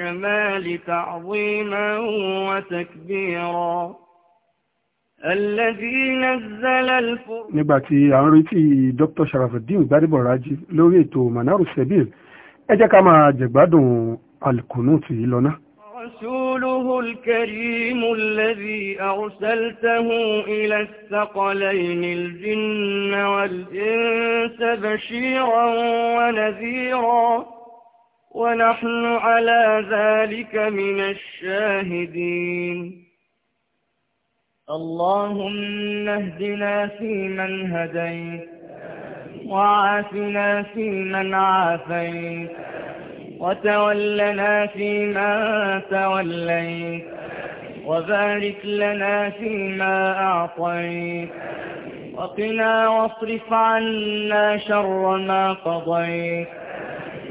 الكمال تعظيما وتكبيرا الذي نزل الفرقان نباتي tí à ń retí Dr. Sharafudeen Gbadebo Raji lórí ètò Manaru Sebil ẹ jẹ́ ká máa jẹ̀gbádùn al-Qunut yìí lọ́nà. رسوله الكريم الذي أرسلته إلى الثقلين الجن والإنس بشيرا ونذيرا ونحن على ذلك من الشاهدين اللهم اهدنا فيمن هديت وعافنا فيمن عافيت وتولنا فيما توليت وبارك لنا فيما أعطيت وقنا واصرف عنا شر ما قضيت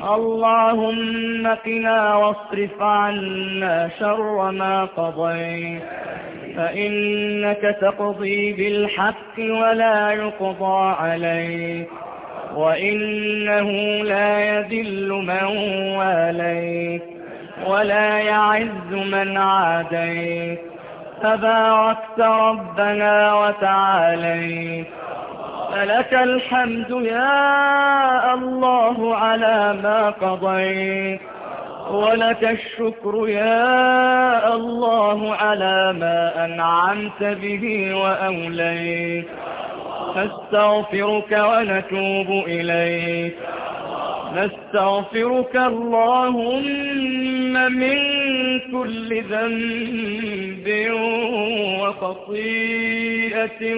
اللهم قنا واصرف عنا شر ما قضيت فإنك تقضي بالحق ولا يقضى عليك وإنه لا يذل من واليت ولا يعز من عاديت تباركت ربنا وتعاليت فلك الحمد يا الله على ما قضيت ولك الشكر يا الله على ما أنعمت به وأوليت نستغفرك ونتوب إليك نستغفرك اللهم من كل ذنب وخطيئة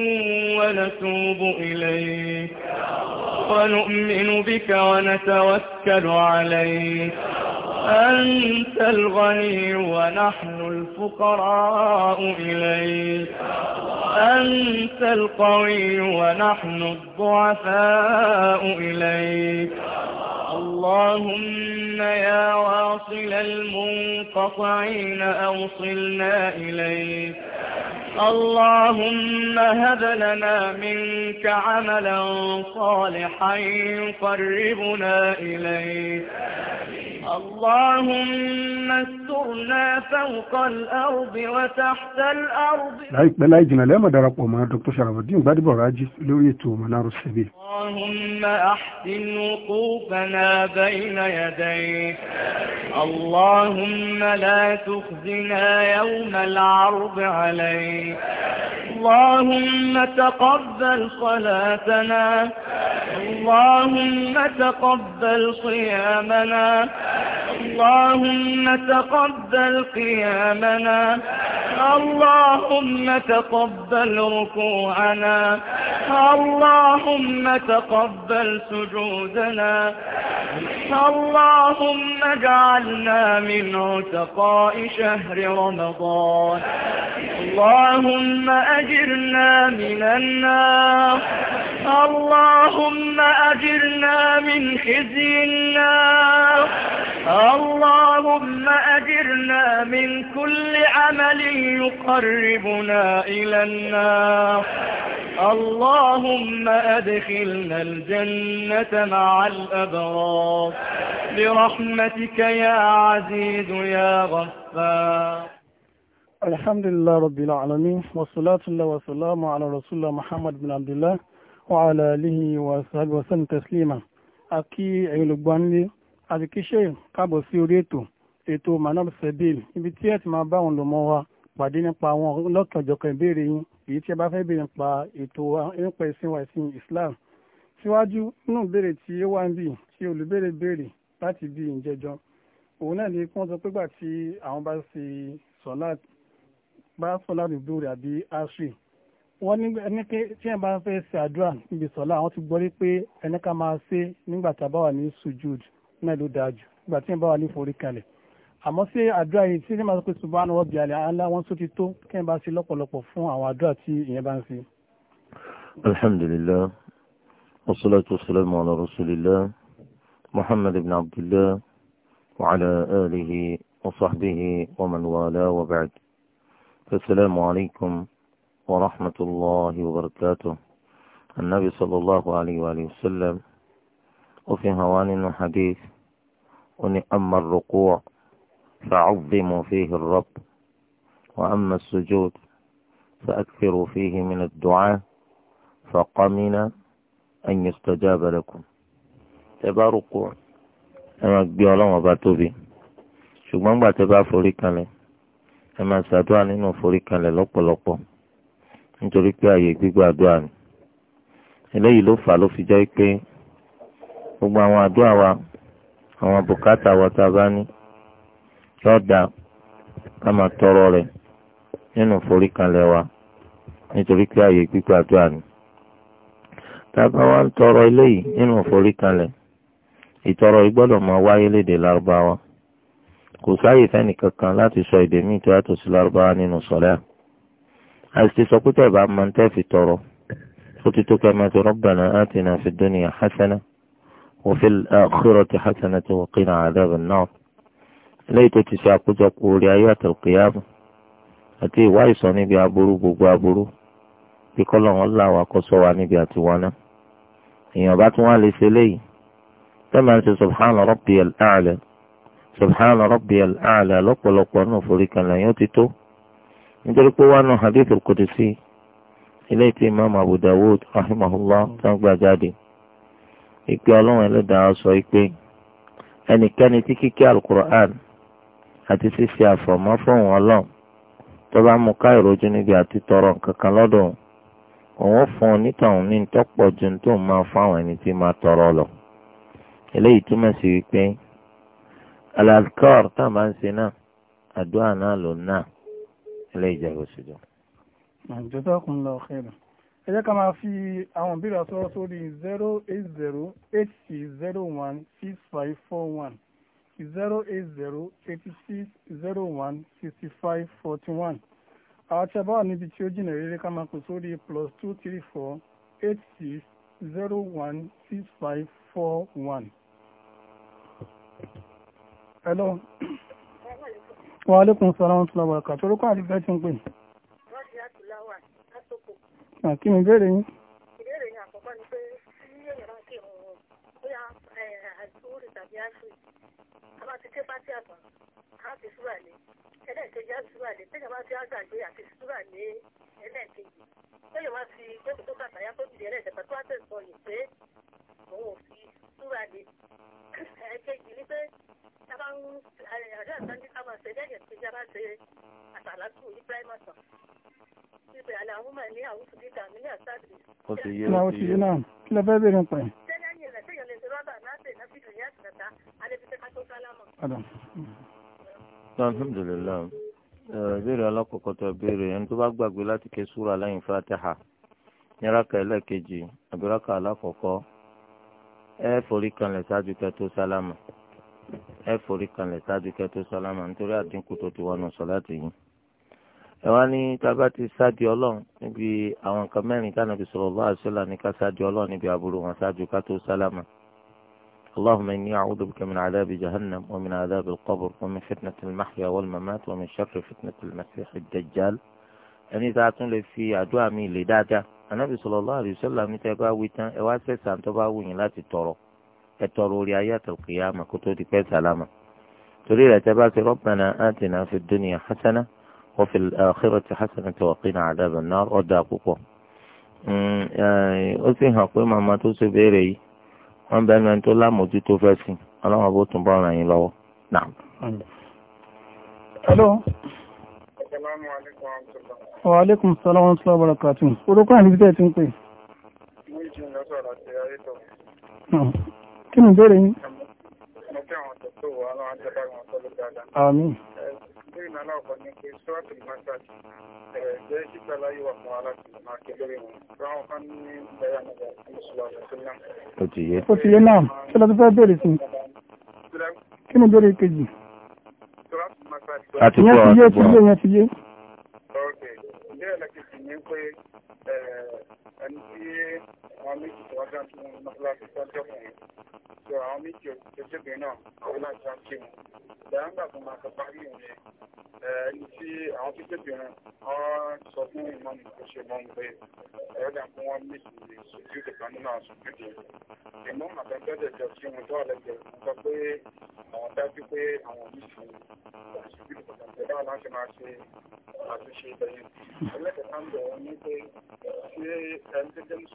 ونتوب إليك ونؤمن بك ونتوكل عليك أنت الغني ونحن الفقراء إليك أنت القوي ونحن الضعفاء إليك اللهم يا واصل المنقطعين أوصلنا إليك اللهم هب لنا منك عملا صالحا يقربنا إليك اللهم استرنا فوق الأرض وتحت الأرض لايك بلايك جنا لما مدرق وما دكتور شرف الدين بعد براجي لوريتو منار السبيل اللهم أحسن وقوفنا بين يديك اللهم لا تخزنا يوم العرض عليك اللهم تقبل صلاتنا اللهم تقبل صيامنا اللهم تقبل قيامنا اللهم تقبل ركوعنا اللهم تقبل سجودنا اللهم اجعلنا من عتقاء شهر رمضان اللهم أجرنا من النار اللهم أجرنا من خزي النار اللهم أجرنا من كل عمل يقربنا إلى النار اللهم أدخلنا الجنة مع الأبرار برحمتك يا عزيز يا غفار الحمد لله رب العالمين والصلاة الله والسلام على رسول الله محمد بن عبد الله وعلى آله وصحبه وسلم تسليما أكي أيلو àti kíṣẹ́ káàbọ̀ sí orí ètò ètò manal sebil ibi tí ẹ ti máa bá àwọn lọ́mọ wa pàdé nípa àwọn lọ́kànjọ̀kan ìbéèrè yín èyí tí ẹ bá fẹ́ béèrè nípa ètò nípa ẹ̀sìn wa ẹ̀sìn Islam síwájú nínú ìbéèrè tí ó wà ń bì tí olùbéèrè béèrè láti bí ìjẹjọ òun náà ni kí wọ́n sọ pé gbà tí àwọn bá ṣe sọ́lá bá sọ́lá dùdú rẹ̀ àbí ashri wọ́n ní pé tí ẹ bá fẹ́ ṣe àdúrà níbi sọ́lá àwọn ti gbọ́ rí pé ẹni ká máa ṣe nígbà tá a bá wà ní sujud náà ló dáa jù ìgbà tí ń bá wà ní forí kalẹ̀ àmọ́ sí àdúrà yìí tí ní máa sọ pé subhana rabbi ala wọn sọ ti tó kí n bá sí lọ́pọ̀lọpọ̀ fún àwọn àdúrà tí ìyẹn bá ń ṣe. alhamdulilah wasalaatu wasalaamu ala rasulillah muhammad ibn abdillah wa ala alihi wa sahbihi wa man wala wa ba'd asalaamu alaykum wa rahmatulahi wa barakatuh anabi sallallahu alayhi wa sallam ó fi hàn wá أما الركوع فعظموا فيه الرب وأما السجود فأكثروا فيه من الدعاء فقمنا أن يستجاب لكم تباركوا أما بيولون وباتوبي ṣùgbọ́n gbà tẹ bá forí kanlẹ̀ ẹ máa ṣàdúrà nínú forí kanlẹ̀ lọ́pọ̀lọpọ̀ nítorí pé àyè gbígbàdúrà ni eléyìí ló fà ló fi jẹ́ pé gbogbo àwọn àdúrà wa àwọn bùkátà wọ́tá bá ní lọ́dà ká máa tọrọ rẹ̀ nínú foríkanlẹ̀ wa nítorí pé ààyè gbígbàdúrà ni. tábà wá ń tọrọ eléyìí nínú foríkanlẹ̀ ìtọrọ ìgbọ́dọ̀ máa wáyé lédè lárúbáwá kò sáàyè fẹ́ni kankan láti sọ èdè míì tó yàtọ̀ sí lárúbáwá nínú sọ̀rẹ́ àìsí sọ pé tẹ̀ bá máa ń tẹ́ fi tọrọ ó ti tó kẹ́ máa ti rabbana atina fid dunya hasana. وفي الآخرة حسنة وقنا عذاب النار ليت تشاقج قوليات القيامة أتي وايصني بأبرو بأبرو بكل الله وقصواني بأتوانا إن باتوا لسلي كما أنت سبحان ربي الأعلى سبحان ربي الأعلى لقو لقو نفريكا لا يتتو nítorí pé wọn nù hadith al-Qudsi ilé tí imaamu Abu Dawud ìpè ọlọ́run ẹlẹ́dàá sọ pé ẹnikẹ́ni tí kíké alukur'an àti ṣíṣe àfọ̀mọ́ fún ọlọ́run tó bá mú ká ìrojú níbi àti tọrọ nǹkan kan lọ́dọ̀ òun ó fún onítọ̀hún ní tọ́pọ̀ ju tó máa fáwọn ẹni tí máa tọrọ lọ. eléyìí túmọ̀ sí wípé alazkar tá a máa ń ṣe náà àdúrà náà ló náà eléyìí jẹ́ oṣù jọ. àjọ̀dá kun lọ ọ̀kẹ́ ẹ jẹ́ ká máa fi àwọn ìbéèrè sọ̀rọ̀ sórí zero eight zero eight six zero one six five four one zero eight zero eighty six zero one sixty five forty one àwọn tí a bá wà níbi tí ó jìnnà rere ká máa pè sórí plus two three four eight six zero one six five four one. hello. wa aleykum salaam wa rahmatulah wa barakatuh orúkọ àti bẹ́ẹ̀ ti ń pè kí ni ìbéèrè yín. ìbéèrè yín àkọ́kọ́ ni pé tí èèyàn bá ń kírun bóyá àìsàn ó tàbí àìsàn àbá ti ké pátí àtàn á fi súrà lé ẹlẹ́ẹ̀kejì á súrà lé tẹ́jà bá ti á gbàgbé àti súrà lé ẹlẹ́ẹ̀kejì tó lè fi gbẹ́kùn tó bàtà yàtọ̀ ti di ẹlẹ́ẹ̀kẹta tó á tẹ̀sán yìí pé òun ò fi súrà lé ẹ̀ẹ́kejì ni pé tábà ń àdúrà sáńdí táwọn ṣe lẹ́yìn ìpínlẹ̀ bá ṣe àtàlásù ní pírámà tán àlàáhùn mà ní àwùjọ dídà mí ní àṣà Uh, alhamdulilayi ìbéèrè eh, alákọ̀ọ́kọ́ tó béèrè ẹni tó bá gbàgbé láti ké súra lẹ́yìn fatiha ní ẹlẹ́ẹ̀kejì àbí alákọ̀ọ́kọ́ ẹ forí kanlẹ̀ ṣáájú kẹtó sálámà ẹ forí kanlẹ̀ ṣáájú kẹtó sálámà nítorí àdínkù tó ti yìí. ẹ wá ní tábà ti sáájú ọlọ́run níbi àwọn nǹkan mẹ́rin tánàbí ní ká sáájú ọlọ́run níbi àbúrò wọn اللهم إني أعوذ بك من عذاب جهنم ومن عذاب القبر ومن فتنة المحيا والممات ومن شر فتنة المسيح الدجال أني ذاتون لي في مين لدادة النبي صلى الله عليه وسلم نتبع ويتان إواسة سانتبع وين لا تتورو التورو لآيات القيامة كتود في سلامة تريد تباوي ربنا آتنا في الدنيا حسنة وفي الآخرة حسنة وقنا عذاب النار وداقوكو أزيها آه، قيمة ما توسي بيري wọn bẹ ẹni tó lámòjútó fẹ́ sí ọlọ́wọ́n bó tún bọ́ ràn yín lọ́wọ́ náà. hello. wa aleykum salaam wa rahmatulah barakatu. orúkọ àti bíbẹ̀ ti ń pè. Hmm. kí ni ìbéèrè yín. mo ìrìn aláwọ̀kọ́ ní pé sọ́ọ̀tì mọ́sáàtì ẹ̀ẹ́dẹ́ síta láyé wà fún aláàtì máa ké lórí wọn báwọn kan ní bẹ́yà nígbà tí ó sọ àwọn tó náà. ó ti yé. ó ti yé náà kí ló ti fẹ́ bèrè sí i. kí ni bèrè kejì. sọ́ọ̀tì mọ́sáàtì. àti kó àwọn àti bọ̀ ìbéèrè lẹ́kẹ̀kẹ̀ ní pé ẹni tí àwọn méjì tó wá dá sí wọn lọ́kọ́lá sí tọ́jọ́ fún yìí so àwọn méjì òṣèlú náà àwọn láti wá sí wọn ìdáhùn gbà tó máa sọ parí òun yẹn ẹni tí àwọn tó tètè wọn wọn sọ fún ìmọ̀ ní kó ṣe mọ́ ń pé ẹ̀rọ dà fún wọn méjì ṣojú ìdìkan nínú àṣù méjì ìmọ̀ àbẹ̀tẹ̀tẹ̀ jọ sí wọn tó àlejò sọ pé àwọn dájú pé àwọn méjì ṣojú ìdìkan tó bá láti máa ṣe àtúnṣe ìbẹ̀yìn ẹlẹ́kẹ̀ẹ́ta ń bọ̀ ní pé ṣé ẹni tó jẹ́ mùsùlùmí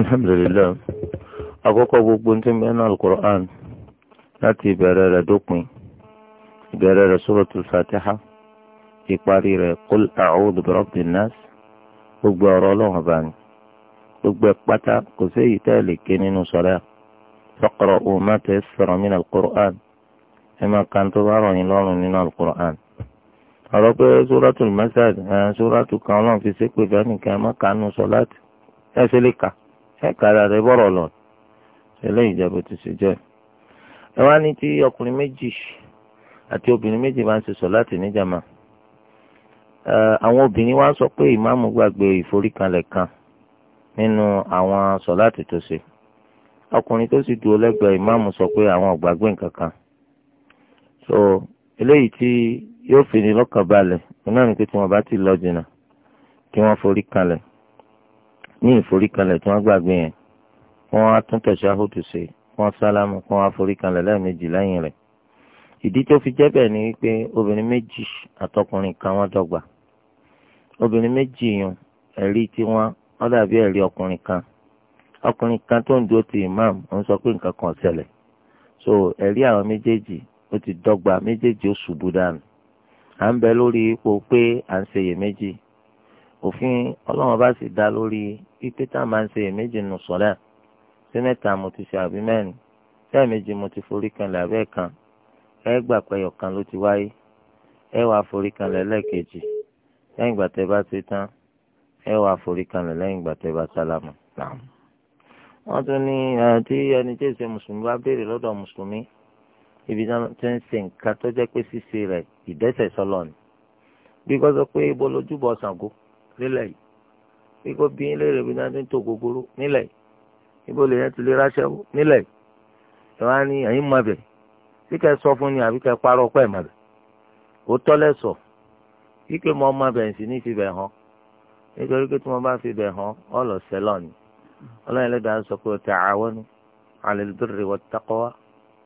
alhamdulilayi àkọ́kọ́ gbogbo ntí mẹ́nu alukur'an láti ìbẹ̀rẹ̀ rẹ̀ dópin ìbẹ̀rẹ̀ rẹ̀ suratul Fatiha ìparí rẹ̀ qul a'udhu bi rabbin nas gbogbo ọ̀rọ̀ ọlọ́run bá ní gbogbo ẹ̀ pátá kò séyìí tẹ́ lè ké nínú sọ̀rọ̀ faqra'u ma tayassara min al-Qur'an ẹ máa ka tó bá rọ̀ yín lọ́rùn nínú al-Qur'an. ọ̀rọ̀ pé suratul Masad suratu kan ọlọ́run fi sépè dánìkan ẹ má ka sọ láti ẹ ṣe lè kà ẹ kàrà rẹ bọ̀rọ̀ lọ ṣẹlẹ̀ ìjẹ́bù ti ṣe jẹ́ ẹ wá ní tí ọkùnrin méjì àti obìnrin méjì máa ń ṣe sọ̀láàtì ní jàmá àwọn obìnrin wa sọ pé ìmáàmù gbàgbé ìforíkanlẹ̀ kan nínú àwọn sọ̀láàtì tó ṣe ọkùnrin tó sì dúró lẹ́gbẹ̀ẹ́ ìmáàmù sọ pé àwọn ò gbàgbé nǹkan kan so eléyìí tí yóò fi ní lọ́kàn balẹ̀ náà ni pé tí wọ́n bá ti lọ jìnnà kí wọ́n forí kanlẹ̀ ní ìforí kanlẹ̀ tí wọ́n gbàgbé yẹn wọ́n á tún tẹ̀síwájú ṣe wọ́n sálámù wọ́n á forí kanlẹ̀ lẹ́ẹ̀mejì lẹ́yìn rẹ̀ ìdí tó fi jẹ́ bẹ́ẹ̀ ni wípé obìnrin méjì àtọkùnrin kan wọ́n dọ́gba obìnrin méjì yàn ẹ̀rí tiwọn wọ́n dàbí ẹ̀rí ọkùnrin kan ọkùnrin kan tó ń dúró ti imam òun sọ pé nǹkan kan ṣẹlẹ̀ so ẹ̀rí àwọn méjèèjì ó ti dọ́gba méjèèjì ó ṣubú dànù à ń bẹ lórí ipò pé à ń ṣe iyèméjì òfin ọlọ́run bá sì dá lórí pípé tá a máa ń ṣe iyèméjì nù sọ́lá sí mẹ́ta mo ti ṣe àbí mẹ́rin sí ẹ̀ẹ̀mejì mo ti forí kan làbẹ́ kan ẹ gbà pé ọ̀kan ló ti wáyé ẹ wàá forí kanlẹ̀ lẹ́ẹ̀kejì lẹ́yìn ìgbà tẹ́ bá ṣe tán ẹ wàá forí kanlẹ̀ lẹ́yìn ìgbà tẹ́ bá sálámù. wọ́n tún ní tí ẹni tí èsè mùsùlùmí bá béèrè lọ́dọ̀ mùsùlùmí ibi tí ń ṣe nǹkan tó jẹ́ pé ṣíṣe rẹ̀ ìdẹ́sẹ̀ sọ́lọ́ ni. bí kò sọ pé ibo lójúbọ Ṣàngó nílẹ̀ yìí bí kò bí léèrè bí náà ti ń tò gbogbooro nílẹ̀ yìí ibo lèyàn ti lè ráṣẹ́wó nílẹ̀ yìí. ìwọ́n á ní ẹ̀yin mọ̀ bẹ̀rẹ̀ tí kẹ́ sọ fún ni àbí kẹ́ parọ́ pẹ́ mọ́ bẹ̀ ó tọ́lẹ̀ sọ wípé mo ọmọ bẹ̀rẹ̀ sí ní fi bẹ̀ hàn nítorí pé tí mo bá fi bẹ̀ hàn ọ̀lọ̀ sẹ́lọ̀ ni ọlọ́run lẹ́dàá sọ pé ta'awanu 'ala al-birri wat-taqwa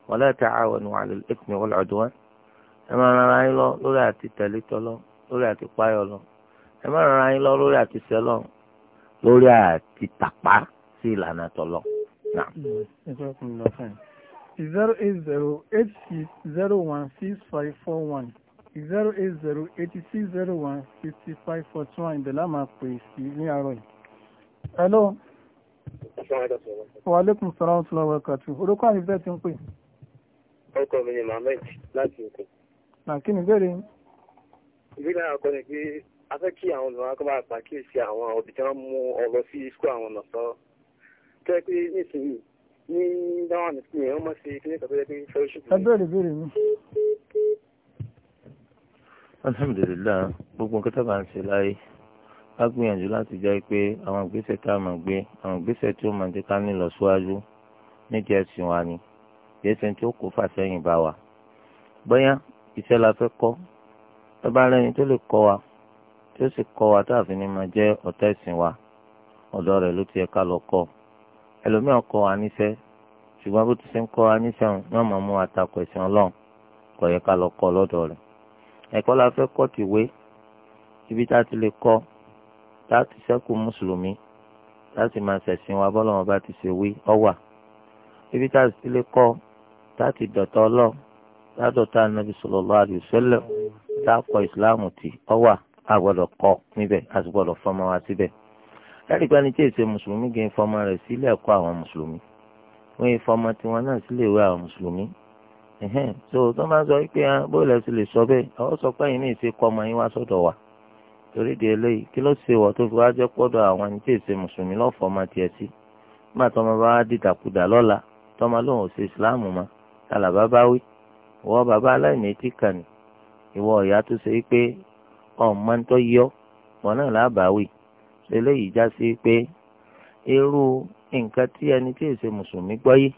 wa la ta'awanu 'ala al-ithmi wal-'udwan ẹ máa rara yín lọ lórí àti tẹ̀lé tọ́lọ́ lórí àti páyọ̀ lọ ẹ máa rara yín lọ lórí àti sẹ́lọ̀ lórí àti tàpá sí ìlànà tọ́lọ́ náà zero eight zero eight six zero one six five four one zero eight zero eighty six zero one fifty five forty one ìbẹ̀lá máa pè sí ní àárọ̀ yìí. hello. wa aleykum salaam wa rahmatulah wa barakatu. orúkọ àyè bẹ́ẹ̀ ti ń pè. ọkọ mi ni mohammed láti òkè. nà kí ni ìbéèrè yín. ìbílẹ̀ àkọ́ ni pé a fẹ́ kí àwọn olùwà kọ́ bá pàkíyèsí àwọn òbí tí wọ́n mú ọ lọ sí skul àwọn ọ̀nà sọ. tẹ́ nísìnyí ní dáwọn nìkú yẹn wọ́n mọ̀ sí kíní kan tó yẹ pé fellowship. ẹ bẹ̀rẹ̀ bẹ̀rẹ̀ mi. alhamdulilayi gbogbo nǹkan tó bá ń ṣe láyé a gbìyànjú láti jẹ́ pé àwọn ìgbésẹ̀ tá a máa gbé àwọn ìgbésẹ̀ tí ó máa jẹ́ ká ní ìlọsíwájú nídìí ẹ̀sìn wa ni ìgbésẹ̀ tí ó kó fà sẹ́yìn bá wa. bóyá iṣẹ́ la fẹ́ kọ́ tó bá rẹ́ni tó lè kọ́ wa tí ó sì kọ́ wa tá a fi ní máa jẹ́ ọ̀tá ẹ̀sìn wa ọ̀dọ̀ rẹ̀ ló ti yẹ ká lọ kọ́ ọ ẹlòmíràn kọ́ wa níṣẹ́ ṣùgbọ́n bó ti ṣe ń kọ́ wa níṣẹ́ òun náà máa mú àtakò ẹ̀sìn ọlọ́run kò yẹ ká lọ kọ́ lọ́dọ̀ rẹ̀ ẹ̀kọ́ la fẹ́ kọ́ tìwé ibi tá a ti lè kọ́ tá a ti ṣẹ́kù mùsùlùmí tá a sì máa ṣẹ̀sìn wa bọ́lọ́wọ́n bá ti ṣe wí ọ̀wà ibi tá a ti lè kọ́ tá a ti dọ̀tọ̀ ọlọ́ tá a dọ̀tọ̀ anabi sallallahu alaihi wasallam tá a kọ ìsìláàmù tì ọ̀wà a gbọ́dọ̀ kọ́ níbẹ̀ a sì gbọ́dọ̀ fọ́mọ wa síbẹ̀ láti gba ni tí èsè mùsùlùmí gé fọmọ rẹ̀ sílé ẹ̀kọ́ àwọn mùsùlùmí wọ́n yẹ fọmọ tiwọn náà sílé ìwé àwọn mùsùlùmí ẹ̀hẹ́n tó tó máa sọ pé ah, bóyá ẹ̀sìn lè sọ bẹ́ẹ̀ àwọn sọ pé ẹ̀yin ní ìṣe ọmọ yín wá sọ́dọ̀ wa torí di eléyìí kí ló ṣe wọ́ tó fi wá jẹ́ pọ́dọ̀ àwọn ẹni tí èsè mùsùlùmí lọ́fọ̀ọ́ máa tiẹ̀ sí má tọmọ bá dìdàkudà lọ́la tọmọ lòun ò ṣe ma tàlàbá bá wí ìwọ bàbá aláìní tí kàní ìwọ ìyá tó ṣe pé ọ̀ máa ń tọ́ yọ wọn náà lábàá wí eléyìí já sí pé irú nǹkan tí ẹni tí èsè mùsùlùmí gbọ́ yìí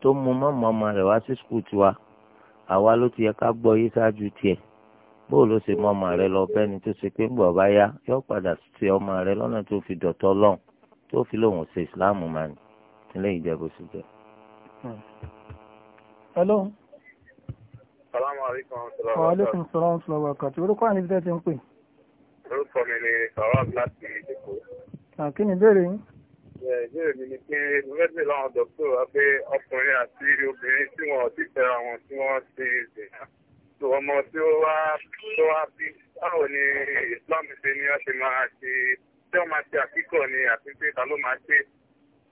tó mú mọ́mọ́ ọmọ rẹ̀ wá sí skul tiwa àwa ló ti yẹ ká gbọ́ yìí ṣáájú tiẹ̀ bóò ló ṣe mọ ọmọ rẹ̀ lọ bẹ́ni tó ṣe pé ńgbọ̀ bá yá yọ padà ṣe ọmọ rẹ̀ lọ́nà tó fi dọ̀tọ́ lọ́hùn tó fi lòun ṣe ìsìláàmù máa ní ilé ìjẹ́bù sí jẹ́. hello. salaamaleykum salaam. wa aleykum salaam wa rahmatulah. orúkọ àníbi tẹ́ ti ń pè orúkọ mi ni sọ̀rọ̀ láti èkó. kí ni ìbéèrè yín. ìbéèrè mi ni pé mo fẹ́ bèèrè láwọn dọ́kítọ̀ wá pé ọkùnrin àti obìnrin tí wọn ò ti fẹ́ra wọn tí wọ́n ṣe ìdènà tó ọmọ tí ó wá tó wá bí báwo ni Islam ṣe ni wọ́n ṣe máa ṣe tí wọ́n máa ṣe àkíkọ̀ ni àti pé ta ló máa ṣe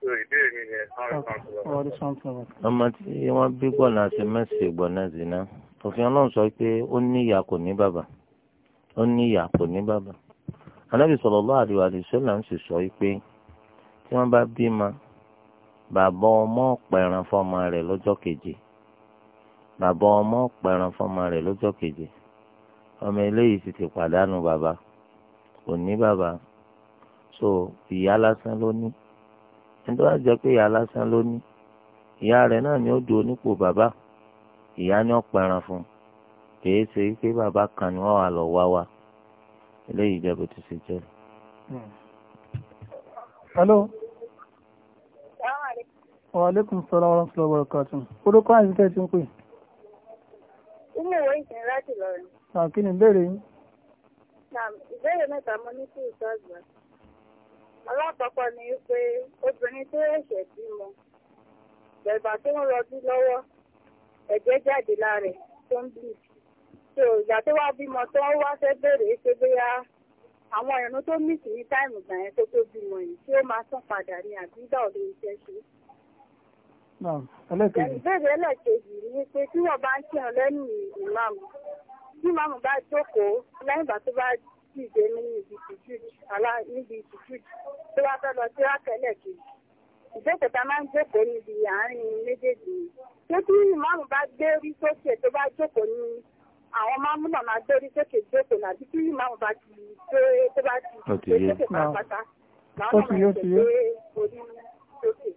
so ìbéèrè mi ni ọmọ tí wọ́n bí gbọ̀nà àti mẹ́sì gbọ̀nà zina òfin ọlọ́run sọ pé ó níyà kò ní bàbá ó ní ìyá kò ní bàbá anábì sallallahu alaihi wasallam ń sì sọ wípé tí wọ́n bá bímọ bàbá ọmọ ọ̀pẹ̀ràn fọmọ rẹ̀ lọ́jọ́ keje bàbá ọmọ ọ̀pẹ̀ràn fọmọ rẹ̀ lọ́jọ́ keje ọmọ eléyìí sì ti pàdánù bàbá kò ní bàbá so ìyá lásán ló ní ẹni wá jẹ pé ìyá lásán ló ní ìyá rẹ̀ náà ni ó du onípò bàbá ìyá ni ó pẹran fún kìí ṣe pé bàbá kan ni wọ́n wà lọ wá wa eléyìí jẹ́ bó ti ṣe jẹ́. hello. wa aleykum salaam wa rahmatullahi wa barakatuh. orúkọ àti tẹ́ ti ń pè. inú ìwé ìsìn láti lọ rẹ̀. kí ni ìbéèrè yín. ìbéèrè mẹ́ta mo ní sí ìtọ́jú. alákọ̀ọ́kọ́ ni pé obìnrin tó ẹ̀ṣẹ̀ bímọ bẹ̀rẹ̀ bá tó ń rọbí lọ́wọ́ ẹ̀jẹ̀ jáde lára ẹ̀ tó ń bìí so ìgbà tó wá bímọ tó wá fẹ́ bèrè pé bóyá àwọn ìrún tó mì sí ní táìmù gbà yẹn tó tó bímọ yìí tí ó máa sàn padà ní àbígbà òde iṣẹ́ ṣe. ìbéèrè ẹlẹ́kejì ni pé tí wọ́n bá ń kírun lẹ́nu ìmáàmù tí ìmáàmù bá jókòó lẹ́yìn ìgbà tó bá dìde níbi ìtìjú níbi ìtìjú tó bá fẹ́ lọ sí rákẹ́lẹ̀ kejì máa ń jókòó níbi àárín méjèèjì tó tí ìmáàmù bá gbé rí sókè tó bá jókòó ní àwọn máa ń múnà máa gbérí sókè jókòó nàbí tí màmú bá ti gbé tó bá ti gbé sókè pátápátá màmú náà máa ti gbé orí sókè.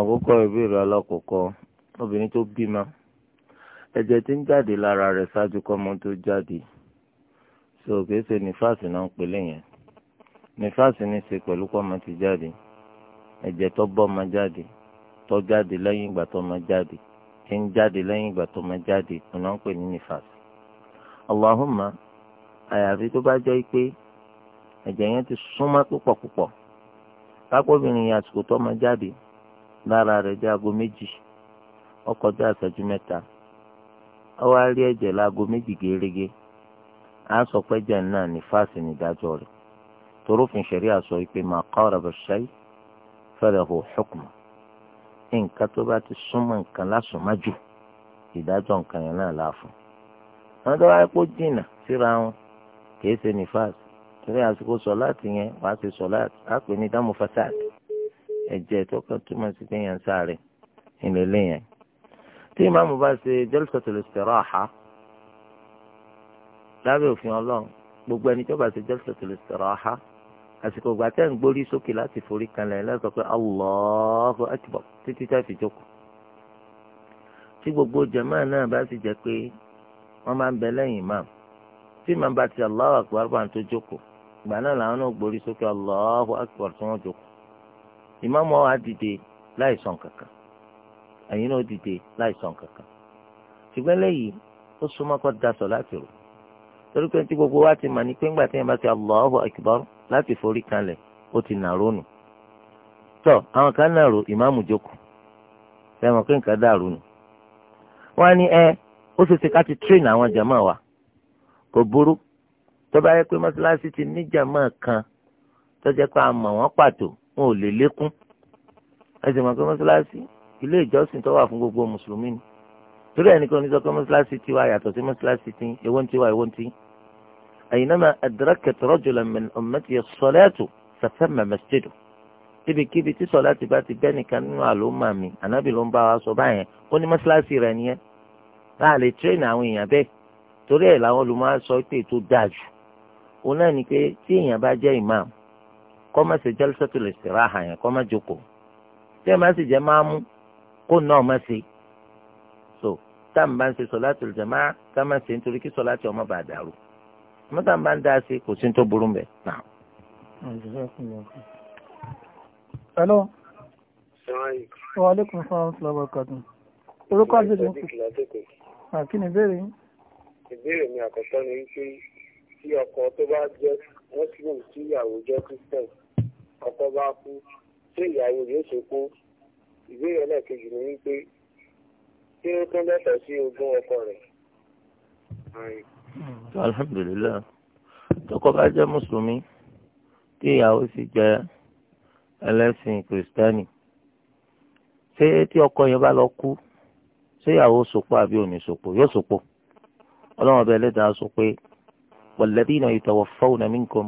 àkókò ìbéèrè alákọ̀ọ́kọ́ obìnrin tó bímọ ẹ̀jẹ̀ tí ń jáde lára rẹ̀ ṣáájú kọ́mọ tó jáde so kìí ṣe nífàsì náà ń pè léyìn nífàsì ní í ṣe pẹ̀lú kọ́mọ ti jáde. So, ẹ̀jẹ̀ tó bọ́ ma jáde tó jáde lẹ́yìn ìgbà tó ma jáde tí ń jáde lẹ́yìn ìgbà tó jáde ọ̀nà ń pè ní àyàfi tó bá jẹ́ pé ẹ̀jẹ̀ yẹn ti súnmọ́ yẹn àsìkò tó jáde lára rẹ̀ aago méjì mẹ́ta ó wá rí ẹ̀jẹ̀ láago méjì á sọ pé ẹ̀jẹ̀ náà rẹ̀ falahu hukm nǹkan tó bá ti súnmọ́ nǹkan lásùnmájù ìdájọ́ nǹkan yẹn náà láàfún wọn tó wáyé kó jìnnà síra wọn kì í ṣe nifas torí àsìkò sọláàtì yẹn wàá ṣe sọláàtì á pè ní dámú fasad ẹ̀jẹ̀ tó kàn túmọ̀ sí pé yẹn ń sáré ilé ilé yẹn tí ìmáàmù bá ṣe jalsatul istiraha lábẹ́ òfin ọlọ́run gbogbo ẹni tó bá ṣe jalsatul istiraha àsìkò ìgbà tẹ́ ń gbórí sókè láti forí kanlẹ̀ lẹ́sọ̀ pé Allahu Akbar títí tá fi jókòó tí gbogbo jàmáà náà bá sì jẹ́ pé wọ́n máa ń bẹ lẹ́yìn imam tí màá bá ti Allahu Akbar bá ń tó jókòó ìgbà náà làwọn náà gbórí sókè Allahu Akbar tí wọ́n jókòó imam wọn á dìde láì sọ kankan ẹ̀yin náà dìde láì sọ kankan ṣùgbọ́n lẹ́yìn ó súnmọ́ kó daṣọ láti rò torí pé tí gbogbo wa ti mà ní pé ńgbà tí yẹn bá ti Allahu Akbar láti forí kanlẹ̀ ó ti nà rónù tọ àwọn kan náà ro ìmáàmù jókòó fẹ́ràn pé nǹkan dàrú nù wọ́n á ní ẹ ó ṣe ṣe ká ti train àwọn jàmá wa kò burú tó bá yẹ pé mọ́ṣáláṣí ti ní jàmá kan tó jẹ́ pé a mọ̀ wọ́n pàtó wọn ò lè lékún ẹ sì mọ̀ pé mọ́ṣáláṣí ilé ìjọsìn tó wà fún gbogbo mùsùlùmí ni torí ẹnì kan ní sọ pé mọ́ṣáláṣí ti wá yàtọ̀ sí mọ́ṣáláṣí ti ewo ń ti wá ewo ń ti. àyìnàmà adrakat rajulan min ummati as-salatu fatamma masjidu. ibikíbi tí sọlá ti bá ti bẹ́ nìkan nínú àlómà mi ànábì ló ń bá wa sọ báyẹn ó ní mọ́ṣáláṣí rẹ̀ nìyẹn. láà lè tírẹ̀nì àwọn èèyàn bẹ́ẹ̀ torí ẹ̀ làwọn olùmọ̀ sọ pé tó dáa tá à ń bá ń ṣe sọlátul jamaa ká má ṣe nítorí kí sọláàtì ọmọ bá dàrú ọmọ tá à ń bá ń dá sí kò sí ní tó burú mbẹ. hello. wa aleykum salaam wa rahmatulah. orúkọ àti ìdínkù. Ah, kí ni ìbéèrè yín. ìbéèrè mi àkọ́kọ́ ni wípé tí ọkọ tó bá jẹ́ muslim tí ìyàwó jẹ́ christian ọkọ bá kú ṣé ìyàwó yóò ṣe kú ìbéèrè ẹlẹ́ẹ̀kejì ni wípé tí ó tún lẹ́tọ̀ sí ogún ọkọ rẹ̀. alhamdulilayi tọkọ bá jẹ́ mùsùlùmí tí ìyàwó sì jẹ́ ẹlẹ́sìn kìrìsìtẹ́nì ṣé tí ọkọ yẹn bá lọ kú ṣé ìyàwó sopọ̀ àbí òní sopọ̀ yóò sopọ̀ ọlọ́run ọba ẹlẹ́dàá sọ pé walladhina yatawaffawna minkum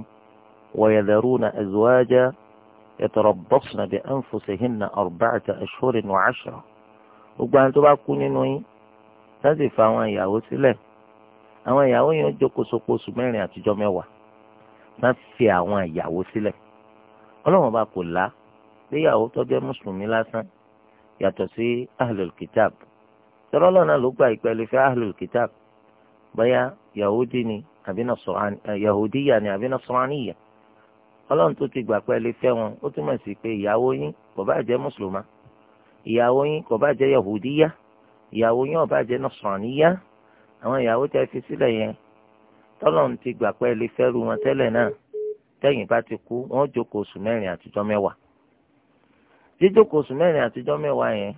wa yadharuna azwaja yatarabasna bi anfusihinna arba'ata ashhurin wa 'ashra. gbogbo àwọn tó bá kú nínú yín tá sì fa àwọn ìyàwó sílẹ̀ àwọn ìyàwó yẹn jókòó sóko oṣù mẹ́rin àtijọ́ mẹ́wàá tá fi àwọn ìyàwó sílẹ̀ ọlọ́run bá kò lá léyàwó tó jẹ́ mùsùlùmí lásán yàtọ̀ sí ahlul kitab gba fẹ́ ahlul kitab yahudiya ni àbí ọlọ́run tó ti gbà fẹ́ wọn ó ìyàwó yín kò bá jẹ́ yahudiya ìyàwó yín ò bá jẹ́ nasraniya àwọn ìyàwó tẹ́ fi sílẹ̀ yẹn tọ́lọ́run ti gbà pé lè fẹ́rù wọn tẹ́lẹ̀ náà tẹ́yìn bá ti kú wọ́n jókòó oṣù mẹ́rin àtijọ́ mẹ́wàá jíjókòó oṣù mẹ́rin àtijọ́ mẹ́wàá yẹn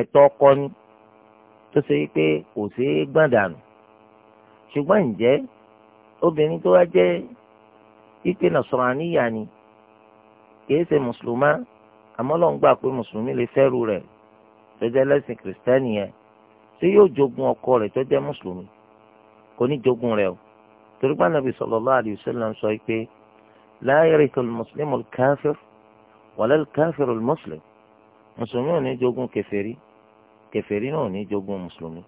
ẹ̀tọ́ ọkọ ni tó ṣe pé kò ṣeé gbọ̀n dànù ṣùgbọ́n ǹjẹ́ obìnrin tó wá jẹ́ ìpè nasraniya ni kìí ṣe mùsùlùmá àmọ́ lọ́n gbà pé mùsùlùmí lè fẹ́rù rẹ̀ tó jẹ́ lẹ́sìn kìrìsìtẹ́nì yẹn ṣé yóò jogun ọkọ rẹ̀ tó jẹ́ mùsùlùmí kò ní jogun rẹ̀ o torí pé anabi sallallahu alayhi wa sallam sọ pé la yarithul muslimul kafir walal kafirul muslim mùsùlùmí ò ní jogun kèfèrí kèfèrí náà ò ní jogun mùsùlùmí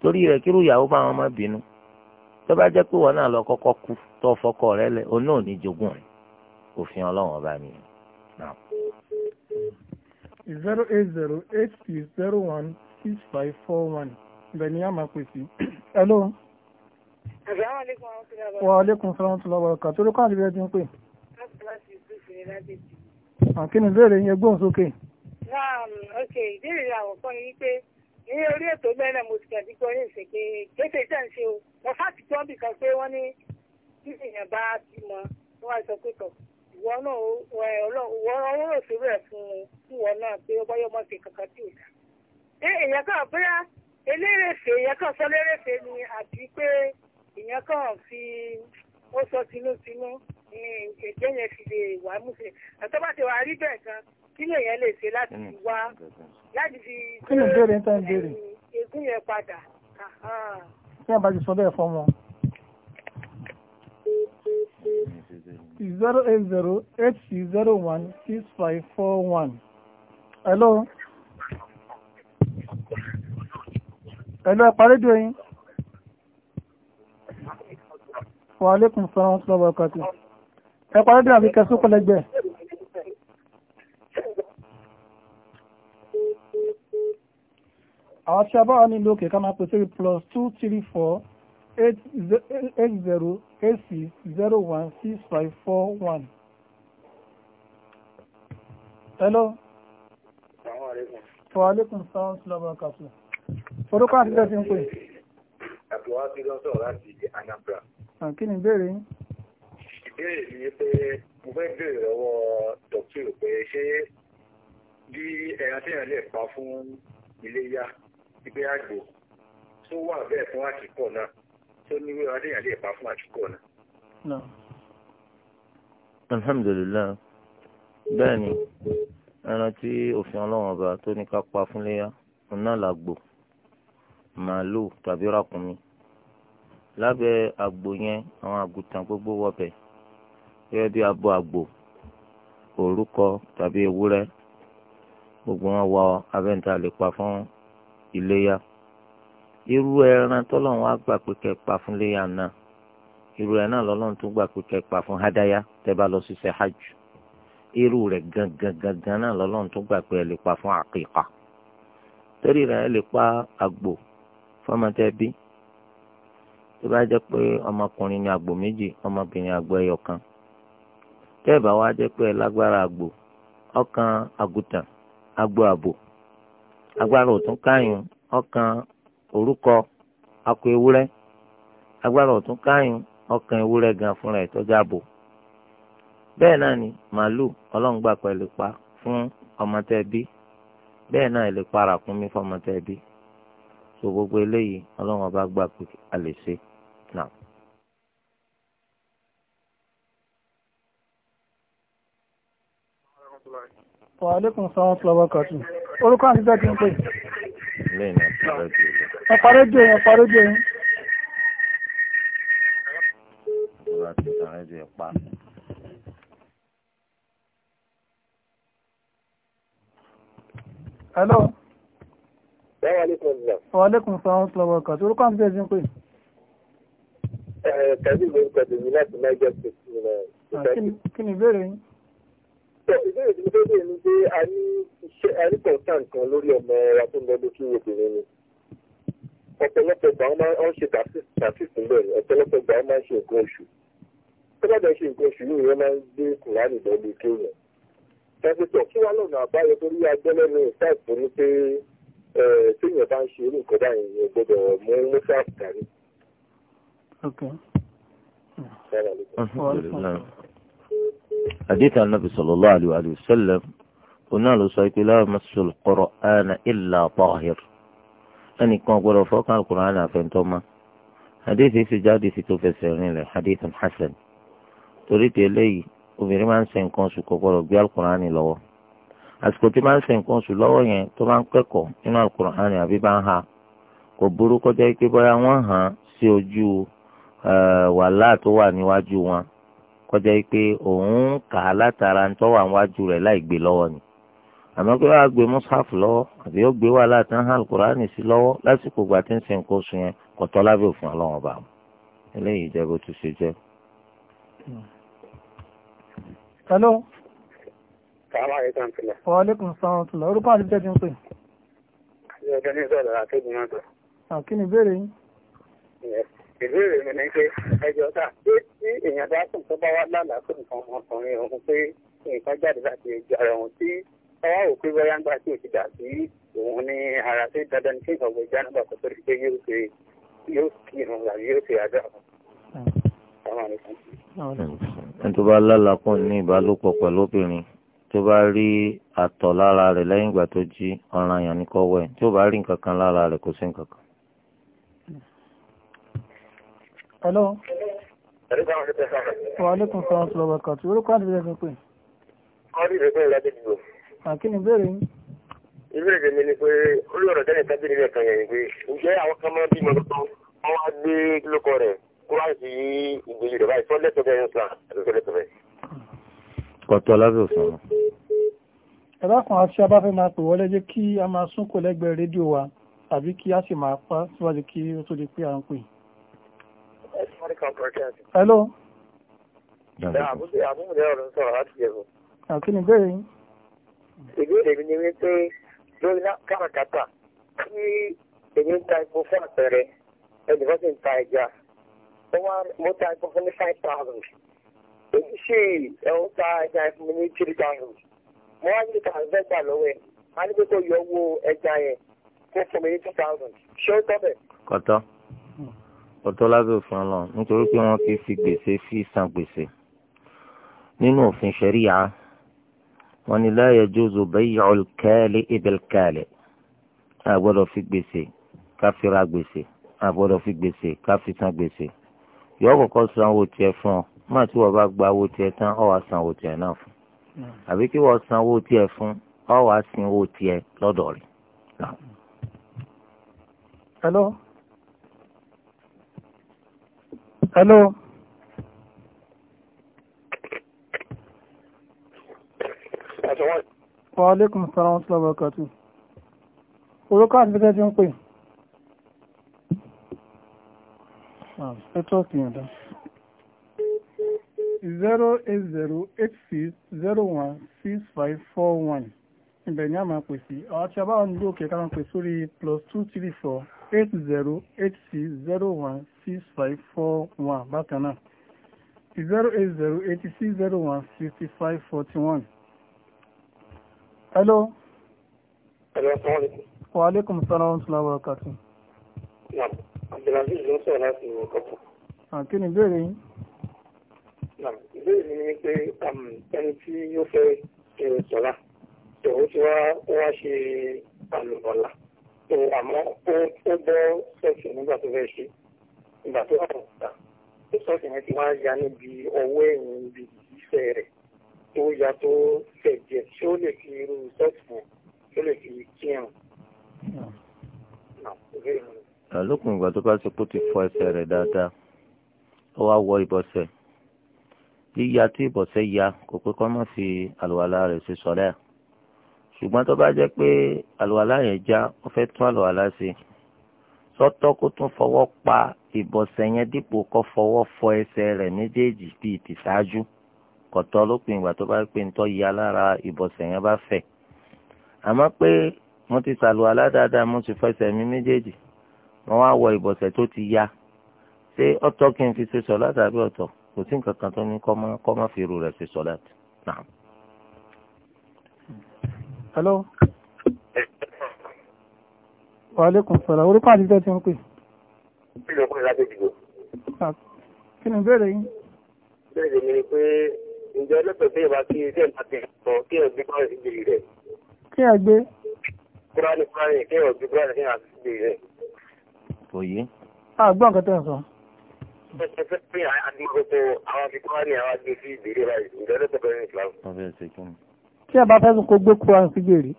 torí rẹ̀ kírú ìyàwó bá wọn má bínú tó bá jẹ́ pé wọn náà lọ kọ́kọ́ kú tó fọkọ rẹ̀ lẹ̀ òun náà ò ní jogun rẹ̀ òfin ọlọ́run ọba nìyẹn náà zero eight zero eight six zero one six five four one ibẹ̀ ni a máa pè sí. hello. wa aleykum salaam tula wa kà torí káàdì bẹ́ẹ̀ ti ń pè. àkínní ìbéèrè yín gbóhùn sókè. náà ok ìbéèrè àwọn kan ni wípé ní orí ètò mẹ́rin mo ti kàdí gbọ́ ní ìsèké kéde tẹ̀ ń ṣe o mo fàtìjọ́ bìkan pé wọ́n ní bí èèyàn bá bímọ wọ́n á sọ pé tọ̀ ìwọ náà ìwọ ọwọ́ òṣèlú ẹ̀ fún ìwọ náà pé ó báyọ̀ mọ́ ṣe kankan tí ò dá. ṣé èèyàn kan bóyá elérèfé èèyàn kan sọ lérèfé ni àbí pé èèyàn kan fi ó sọ tinútinú ní èdè yẹn fi lè wà múṣe àtọ́bà ti rí bẹ́ẹ̀ gan kí ni èèyàn lè ṣe láti fi wá láti fi ègún yẹn padà. tí a bá ti sọ bẹ́ẹ̀ fọ́ wọn. Thank you zero eight zero eight six zero one six five four one. hello. hello ẹ parí dùn yín. wa alaikum salaam wa barakatuh. ẹ parí dùn àbí kẹsùn kọlẹgbẹ. àwọn tí a bá wà nílùú òkè ká máa pèsè plus two three four eight zero eight six zero one six five four one. hello. wa aleykum salaam wa rahmatulah. orúkọ àti bẹ́ẹ̀ ti ń pè. àbúrò wa fi lọ́sọ̀rọ̀ láti ilé anambra. kí ni ìbéèrè yín. ìbéèrè mi ni pé mo fẹ́ béèrè lọ́wọ́ dókítà pé ṣé bí ẹran tí èèyàn lè pa fún iléyá ìgbé àgbò tó wà bẹ́ẹ̀ fún àtìkọ́ náà tó ní wíwá déyàn lè pa fún àtúkọ̀ náà. alhamdulilayi bẹ́ẹ̀ ni ẹran tí òfin ọlọ́wọ́n ọba tó ní ká pa fún léyà òun náà làgbò màálù tàbí ràkúnmí lábẹ́ àgbò yẹn àwọn àgùntàn gbogbo wọbẹ̀ gẹ́gẹ́ bí abo àgbò òrúkọ tàbí ewúrẹ́ gbogbo wọn wọ abẹ́ǹta lè pa fún iléyà irú ẹran tọ́lọ́run wá gbà pé kẹ́ pa fún léyà náà irú ẹ náà lọ́lọ́run tún gbà pé pa fún hádáyà tẹbà lọ irú gangan gangan náà tún gbà pé ẹ lè pa fún àkíkà torí rẹ̀ ẹ lè pa àgbò fọmọtẹ́ tó bá pé ọmọkùnrin àgbò méjì ọmọbìnrin àgbò ẹyọ kan ẹ bá pé ẹ lágbára àgbò orúkọ akọ ewúrẹ́ agbára ọ̀tún káyùn ọkàn ewúrẹ́ gan fúnra ẹ̀ ààbò bẹ́ẹ̀ náà ni màálù ọlọ́ngbà pẹ̀lú pa fún ọmọ tẹ́ bí bẹ́ẹ̀ náà lè para kún mi fún ọmọ tẹ́ bí so gbogbo eléyìí ọlọ́run ọba gbà pé a lè ṣe náà. wàhálà kùn sáwọn fúlọ́wọ́ kàtún orúkọ àti bẹ́ẹ̀ kí n pè ẹ pa rédíò yẹn ẹ pa rédíò yẹn. ìrora ti tàn rédíò yẹn pa. hello. Wa alaikum salaam wa rahmatullahi wa orúkọ àmì ẹ̀sìn pé. Eh, Kàbí lórúkọ tèmi láti Niger State. Ah, kí ni ìbéèrè yín? ìbéèrè tí mo fẹ́ bèèrè ni pé a ní iṣẹ́ a ní kọ̀ǹtàn kan lórí ọmọ wa tó ń lọ lókè obìnrin ni ọ̀pọ̀lọpọ̀ gbà wọ́n máa ń ṣe tàfíìsì ńlẹ̀ ni ọ̀pọ̀lọpọ̀ gbà wọ́n máa ń ṣe nǹkan oṣù tó bá dẹ̀ ṣe nǹkan oṣù yìí wọ́n máa ń gbé kùránì lọ bí kéèyàn pásítọ̀ kí wàá lọ́nà àbáyọ torí agbẹ́lẹ́nu ìfáàpù ni pé téèyàn bá ń ṣe irú nǹkan báyìí ni gbọ́dọ̀ mú mọ́ṣáàpù dání àdéhùn anábì sallallahu alayhi wa sallam oná ló sọ pé la yamassul Qur'ana illa tahir ẹnìkan gbọ́dọ̀ fọkàn al-Qur'ana àfẹntọmọ àdéhùn èsì jáde sí tó fẹsẹ̀ rìn rẹ̀ àdéhùn hasan torí ti eléyìí obìnrin máa ń ṣe nǹkan oṣù kò gbọ́dọ̀ gbé al-Qur'ani lọ́wọ́ àsìkò tí máa ń ṣe nǹkan oṣù lọ́wọ́ yẹn tó máa ń kẹ́kọ̀ọ́ nínú al-Qur'ani àbí bá ń ha kò burú kọjá pé bóyá wọ́n hàn sí ojú eh, wàhálà tó wà níwájú wọn kọjá pé òun kà á látara ń tọ́wọ́ àwọn ajú rẹ̀ láì gbé lọ́wọ́ ni àmọ́ pé wàá gbé mọ́sáàfù lọ́wọ́ àbí ó gbé wàhálà tán hàn kúránì sí lọ́wọ́ lásìkò ìgbà tí ń sin nǹkan oṣù yẹn kò lábẹ́ òfin ọlọ́run ọba mu eléyìí jẹ́ bó ti ṣe jẹ́. hello. wa aleykum salaam tula orúkọ àti jẹ́ ti ń pè. àti ọ̀gá ní sọ̀rọ̀ àti ìgbìmọ̀ sọ. àkínní ìbéèrè yín ìbéèrè mi ni pé ẹjọ́ ká pé tí èèyàn bá sùn tó bá wá lálàá fún nǹkan ọmọkùnrin òun pé nǹkan jáde láti ojú ara òun tí ọwọ́ òkú bọ́yá ń gbà tí òsì dà sí òun ní ara tó dandan ní kí nǹkan gbé jáde bá tó di pé yóò ṣe yóò kírun àbí yóò ṣe àdá ẹni tó bá lálàá pọ̀ ní ìbálòpọ̀ pẹ̀lú obìnrin tó bá rí àtọ̀ lára rẹ̀ lẹ́yìn ìgbà tó jí ọ̀ràn àyàn hello. wa aleykum salaam wa rahmatulah orúkọ àti ìrẹsì pé. kọ́ọ̀dì ìrẹsì ìrẹsì láti dìbò. àkínní ìbéèrè yín. ìbéèrè tèmi ni pé olú ọ̀rọ̀ tẹ́lẹ̀ tábìlì rẹ̀ kan yẹn pé ǹjẹ́ àwọn kan máa ń bímọ lọ́tọ́ wọ́n wá gbé lóko rẹ̀ kúráǹsì ìgbèlè rẹ̀ báyìí sọ́lẹ́tọ̀ bẹ́ẹ̀ ń sàn àti sọ́lẹ́tọ̀ bẹ́ẹ̀. kọ̀tọ́ lábẹ́ òsàn ẹ̀lákan àti abáfẹ́ máa pè wọlé jẹ́ kí a máa sún lẹ́gbẹ̀ẹ́ rédíò wa tàbí kí a sì máa pa síwájú kí ó tó di pé à ń pè alaikum barakatuh. hello. àbúrò ọ̀rọ̀ ń sọ̀rọ̀ láti yẹ̀wò. àkínní bẹ́ẹ̀ ni. ìbéèrè mi ni wípé lórí káràkátà kí èmi ń ta epo fún àpẹẹrẹ ẹnìkan sì ń ta ẹja mo ta epo fún ní five thousand èyí sì ẹ̀ ń ta ẹja epo mi ní three thousand mo wá níbi tàbí fẹ́ gbà lọ́wọ́ ẹ̀ a ní pé kó yọ owó ẹja yẹn kó fún mi ní two ṣé ó tọ́ bẹ̀. kọ́tọ́ ọ̀tọ̀ lábẹ́ òfin ọlọ́run nítorí pé wọ́n ti fi gbèsè fi san gbèsè nínú òfin ṣẹ̀ríyà wọ́n ní la yajuzu bay'ul kali bil kali a gbọ́dọ̀ fi gbèsè ká fi ra gbèsè a gbọ́dọ̀ fi gbèsè ká fi san gbèsè yọ kọ́kọ́ san owó tiẹ̀ fún ọ má tí wọ́n bá gba owó tiẹ̀ tán ọ wá san owó tiẹ̀ náà fún àbí kí wọ́n san owó tiẹ̀ fún ọ wá sin owó tiẹ̀ lọ́dọ̀ rẹ̀. hello. wa alaikum salaam wa rahmatullahi wa barakatuh orúkọ àtìbẹ́tẹ́ ti ń pè ẹ̀tọ́ ìyàndá 08086016541 ibẹ̀ ni a máa pè sí àwọn tí a bá wọn ní òkè ká máa pè sórí plus 234 8086016541 six five four one bákan náà zero eight zero eighty six zero one sixty five forty one. hello. hello asalaamualeykum. wa aleykum salaam wa rahmatulah wa barakatu. naam abdulaziz ló ń sọ̀rọ̀ láti ìwé kọ́pù. àǹkí ni ìbéèrè yín. naam ìbéèrè mi ni pé um, ẹni tí yóò fẹ́ kẹrin sọ̀la tòun ti wá wá ṣe àlùbọ̀là tó àmọ́ ó bọ́ sẹ́ẹ̀sì nígbà tó fẹ́ ṣe ìgbà tó hàn gbà tó sọ́ọ̀tì yẹn ti wá ya níbi ọwọ́ ẹ̀yìn ibi ìfẹ́ rẹ̀ tó ya tó fẹ̀jẹ̀ tí ó lè fi irú sọ́ọ̀tì yẹn tó lè fi kírun. àlòkùn ìgbà tó bá ṣe kó ti fọ ẹsẹ̀ rẹ̀ dáadáa ó wá wọ ìbọ̀sẹ̀ yíya tí ìbọ̀sẹ̀ ya kò pé kó má fi àlùwàlá rẹ̀ ṣe sọ̀rẹ́ à ṣùgbọ́n tó bá jẹ́ pé àlùwàlá yẹn já ó fẹ́ tún àlùwàlá ṣe sọ́tọ́ kó tún fọwọ́ pa ìbọ̀sẹ̀ yẹn dípò kó fọwọ́ fọ ẹsẹ̀ rẹ̀ méjèèjì bíi tìṣáájú kọ̀tọ́ lópin ìgbà tó bá pé ń tọ́ ya lára ìbọ̀sẹ̀ yẹn bá fẹ̀. àmọ́ pé mo ti ṣàlùwàlá dáadáa mo ti fẹsẹ̀ mi méjèèjì mo wá wọ ìbọ̀sẹ̀ tó ti ya ṣé ọ̀tọ̀ kí n fi ṣe sọ̀lá tàbí ọ̀tọ̀ kò sí nǹkan kan tó ní kọ́ má fi irú rẹ̀ ṣe sọ̀lá. hello. Wàlékún sọ̀rọ̀ orí pàdé jẹ́ ti ń pè. Ìpínlẹ̀ ọkùnrin láti dìbò. Ah, kí ni ìbéèrè yín? Ìbéèrè mi ni pé ǹjẹ́ ọlọ́pẹ̀ tí ìwà kí ilé ìgbà ti sọ kí ẹ̀ gbé kúrò sí ìbéèrè rẹ̀. Kí ẹ gbé. Kúrò ní kúrò ní kí ẹ̀ gbé kúrò sí ìbéèrè rẹ̀. Kò yé. A gbọ́ nǹkan tó ń sọ. Ṣé ṣe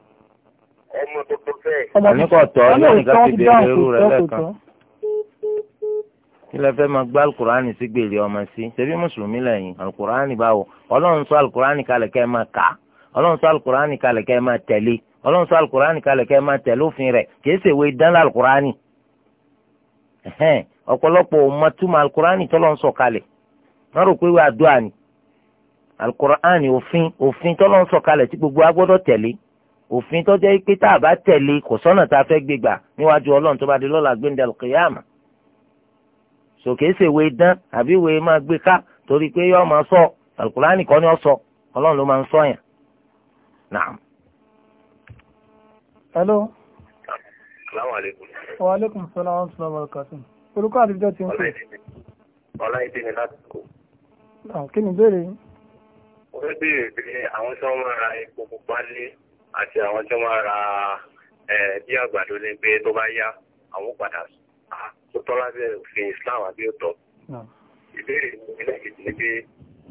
ọmọ gbogbo bẹ́ẹ̀. ọmọ kò tọ́ lẹ́yìn ká ti bèrè irú rẹ̀ lẹ́ẹ̀kan. ilẹ̀ fẹ́ máa gbá alukur'ani sí gbèrè ọmọ sí ṣebí mùsùlùmí lẹ́yìn alukur'ani báwo ọlọ́run sọ alukur'ani kalẹ̀ kẹ́ máa kà ọlọ́run sọ alukur'ani kalẹ̀ kẹ́ máa tẹ̀lé ọlọ́run sọ alukur'ani kalẹ̀ kẹ́ máa tẹ̀lé òfin rẹ̀ kì í ṣèwé dán alukur'ani ọ̀pọ̀lọpọ̀ ọmọ túmọ̀ alukur'ani tọ́lọ́ ń sọ kalẹ̀ wọ́n rò pé wọ́n adúlá ni alukur'ani òfin òfin tọ́lọ́ ń sọ kalẹ̀ tí gbogbo òfin tó jẹ́ pé tá a bá tẹ̀lé kò sọ́nà tá a fẹ́ gbé gbà níwájú ọlọ́run tó bá di lọ́la gbẹ̀ndẹ̀ kìyàmà sòkè ṣe wé dán àbí wé máa gbé ká torí pé yọ máa sọ alukurani kọ́ ni ọ sọ ọlọ́run ló máa ń sọ yẹn. naam. hello. salaamaleykum. wa aleykum salaam wa rahmatulah wa barakatuh. orúkọ àtijọ́ ti ń pè. ọlá ìdí ni láti kó. Ah, kí ni ìbéèrè yìí. mo fẹ́ béèrè pé àwọn tí wọ́n máa ra epo pupa lé àti àwọn tí wọ́n ra bí àgbàdo ní pé tó bá yá àwọn padà tó tọ́ lábẹ́ òfin Islam àbí òtọ́ ìbéèrè nílẹ̀ kejì ni pé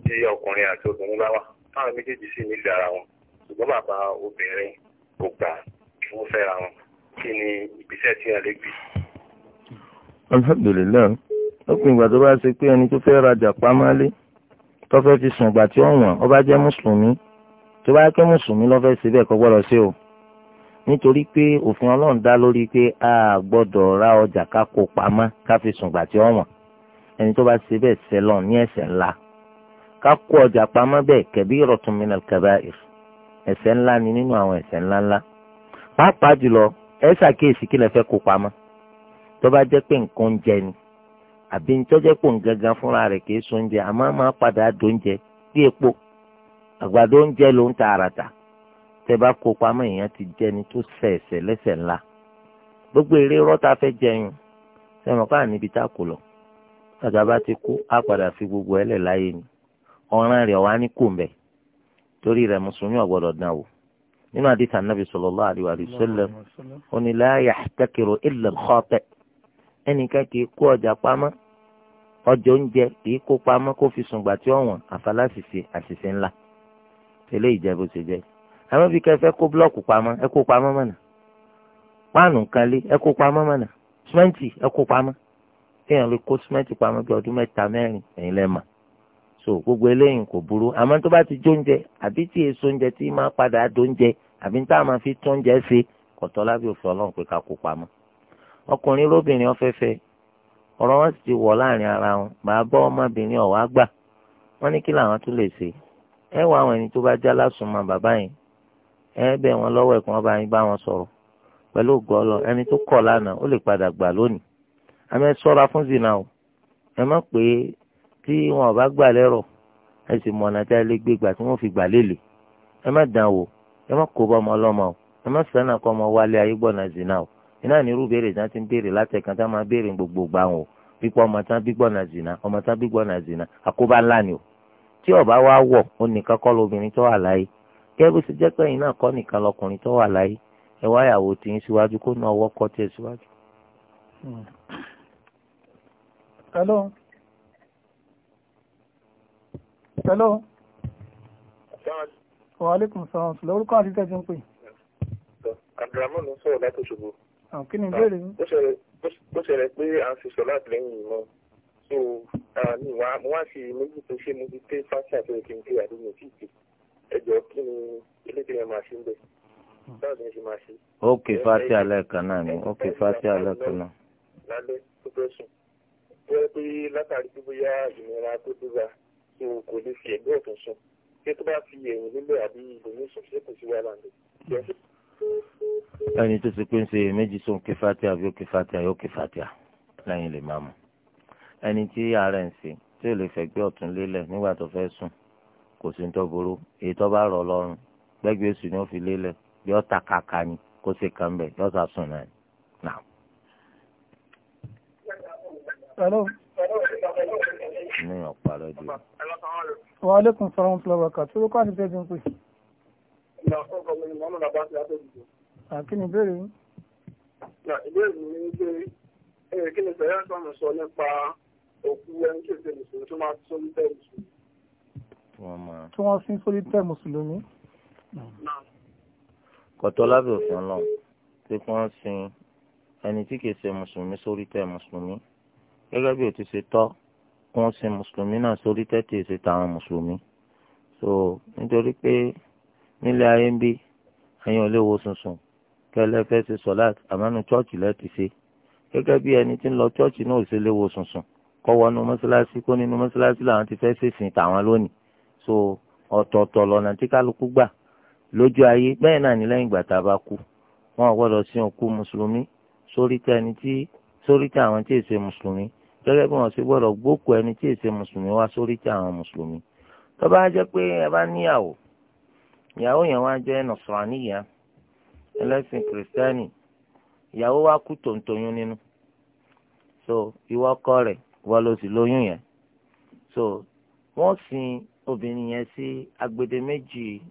tí ọkùnrin àti obìnrin bá wà táwọn méjèèjì sì nílò ara wọn ṣùgbọ́n bàbá obìnrin kò gbà kí wọ́n fẹ́ra wọn kí ni ìgbésẹ̀ tí wọ́n lè gbé. alhamdulilayi lópin ìgbà tó bá ṣe pé ẹni tó fẹ́ rajà pamálé tó fẹ́ fi sùn ìgbà tí ó wọ̀n ó jẹ́ mùsùlùmí tó bá yẹ pé mùsùlùmí ló fẹ́ ṣe bẹ́ẹ̀ kò gbọ́dọ̀ ṣe o nítorí pé òfin ọlọ́run dá lórí pé a gbọ́dọ̀ ra ọjà ká kó pamọ́ ká fi sùngbà tí ọ̀wọ̀n ẹni tó bá ṣe bẹ́ẹ̀ ṣe lọ ní ẹ̀ṣẹ̀ ńlá ká kó ọjà pamọ́ bẹ́ẹ̀ kabiratun minal kaba'ir ẹ̀ṣẹ̀ ńlá ni nínú àwọn ẹ̀ṣẹ̀ ńlá ńlá pàápàá jùlọ ẹ ṣàkíyèsí kí lẹ fẹ́ kó pamọ́ tó bá jẹ́ pé nǹkan oúnjẹ ni àbí ń tọ́jẹ́ fúnra rẹ̀ kì í so oúnjẹ àmọ́ máa padà dóúnjẹ bí epo àgbàdo oúnjẹ ló ń ta àràtà tẹ bá kó pamọ́ èèyàn ti jẹni tó sẹ̀ẹ̀sẹ̀ lẹ́sẹ̀ ńlá gbogbo eré rọ́ta fẹ́ jẹyun sẹ́wọ̀n káà níbi tá a kò lọ tàtà bá ti kú á padà fi gbogbo ẹ̀ lẹ̀ láyé ni ọ̀ràn rẹ̀ wá ní kòmbẹ̀ torí rẹ̀ mùsùlùmí ọ̀gbọ́dọ̀ dán wò nínú àdìsá nàbì sallallahu alaihi wa sallam ó ní la yahtakiru ẹnìkan kì í kó ọjà pamọ́ ọjà oúnjẹ kì í kó pamọ́ kó fi sùngbà tí ọ̀wọ̀n àfàlásìsì àṣìṣe ńlá. tẹ́lẹ̀ ìjẹ́bù ṣe jẹ́ àmọ́ bí kẹfẹ́ kó búlọ́ọ̀kù pamọ́ ẹ kó pamọ́ mọ̀nà kanlé ẹ kó pamọ́ mọ̀nà símẹ́ǹtì ẹ kéèyàn lè kó so gbogbo eléyìí kò burú àmọ́ tó bá ti jó oúnjẹ àbí tí èso oúnjẹ tí máa padà do oúnjẹ àbí tá a máa fi tó oúnjẹ ṣe ẹ wá àwọn ẹni tó bá já lásùnmọ́ bàbá yẹn ẹ bẹ̀ wọ́n lọ́wọ́ ẹ̀kọ́ wọn bá yín bá wọn sọ̀rọ̀ pẹ̀lú gọlọ ẹni tó kọ̀ lánàá ó lè padà gbà lónìí àmì ẹ ṣọ́ra fún zina o ẹ má pé tí wọn ò bá gbà lẹ́rọ̀ ẹ sì mọ ọ̀nà tí a lè gbé gbà tí wọ́n fi gbà lélè ẹ má dàn wò ẹ má kó bọ́ ọmọ ọlọ́mọ o ẹ má sànà kọ́ ọmọ wálé ayé gbọ́nà zina o iná ní irú béèrè tí ti ń béèrè látẹ̀kàn tí wọ́n máa béèrè gbogbo gbà wọn o pípọ̀ ọmọ tán bí gbọ́nà zina ọmọ tán bí gbọ́nà zina àkóbá ńlá ni o tí ọba wa wọ̀ ó nìkan kọ́ lóbìnrin tó wà láyé kẹ́ bó ṣe jẹ́ pé ẹ̀yin náà kọ́ nìkan lọkùnrin tó wà láyé ẹ wá ìyàwó tí ń síwájú kó náà wọ́kọ́ tẹ̀ síwájú. Hmm. hello hello wa aleykum salaam lórúkọ àti tẹ̀sí ń pè. abdulrahman ń sọ̀rọ̀ láti Òṣogbo. Ah, kí ni ìbéèrè yín. ó ṣẹlẹ̀ pé à ń ṣe sọ láti lẹ́yìn ìmọ̀ so uh, mi wá mo wá sí méjì tó ṣe mo ti pé fásitì àti òkè nígbà tó mo ti pè ẹjọ kí ni eléyìí yẹn máa ṣe ń bẹ báwo ni ẹ ṣe máa ṣe. ókè fásitì alẹ́ kan náà ni ókè fásitì alẹ́ kan náà. lálẹ́ tó fẹ́ sùn jẹ́ pé látàrí pé bóyá ìnira tó dúra tó kò lè fi ẹ̀gbẹ́ ọ̀tún sùn pé tó bá fi ẹ̀yìn lílẹ̀ àbí ìgbòmí sùn ṣé kò sí wàhálà ń bẹ ẹni tó ti pé ń ṣe méjì sóun kí fatia àbí ó fatia yóò kí fatia lẹ́yìn lè máa mú ẹni tí ara ń ṣe tí ò lè fẹ̀gbẹ́ ọ̀tún lélẹ̀ nígbà tó fẹ́ sùn kò sí ń tọ́ burú èyí tó bá rọ̀ lọ́rùn gbẹ́gbẹ́ oṣù ni ó fi lélẹ̀ yọ ta kàkà ni kó ṣe kàn bẹ̀ yọ sà sùn náà nà. ní ọ̀pá lọ́dí. wa aleykum salaam wa rahmatulah tó kọ́ àti bẹ́ẹ̀ bí ń pè. àkínní ìbéèrè yín. ìbéèrè mi ni pé kí ni sẹ́yìn sọ̀rọ̀ sọ nípa òkú ẹni tí èsè mùsùlùmí tó máa sórí tẹ́ mùsùlùmí. tí wọ́n sin sórí tẹ́ mùsùlùmí. kọ̀tọ́ lábẹ́ òfin ọlọ́run pé kí wọ́n sin ẹni tí kìí ṣe mùsùlùmí sórí mùsùlùmí gẹ́gẹ́ bí o ti ṣe tọ́ kí wọ́n sin mùsùlùmí náà sórí tẹ́ tí èsè tàwọn mùsùlùmí. so nítorí pé nílé ayé ń bí ẹ̀yin ò lè wo sùnsùn kẹlẹ́ fẹ́ ṣe sọ̀láàtì àmọ́nu chọ́ọ̀chì lẹ́ẹ̀ ti ṣe gẹ́gẹ́ bí ẹni tí ń lọ chọ́ọ̀chì náà ò ṣe léwo sùnsùn kọ́ wọnú mọ́ṣáláṣí kó nínú mọ́ṣáláṣí làwọn ti fẹ́ ṣèsìn tàwọn lónìí so ọ̀tọ̀ọ̀tọ̀ lọ́nà tí kálukú gbà lójú ayé bẹ́ẹ̀ náà ní lẹ́yìn ìgbà tá a bá kú wọn ò gbọ́dọ̀ sin òkú mùsùlùmí sórí tẹ ẹni tí sórí tẹ àwọn tí èsè mùsùlùmí gẹ́gẹ́ bí wọ́n ṣe gbọ́dọ̀ gbókù ẹni tí èsè mùsùlùmí wá sórí tẹ àwọn mùsùlùmí tó bá jẹ́ pé ẹ bá níyàwó ìyàwó yẹn wá jẹ́ nọ̀sọ̀ràníyà ẹlẹ́sìn kìrìsìtẹ́nì ìyàwó wa kú tòǹtòyún nínú so ìwọ ọkọ rẹ̀ wọ́n ló sì lóyún yẹn so wọ́n sin obìnrin yẹn sí agbedeméjì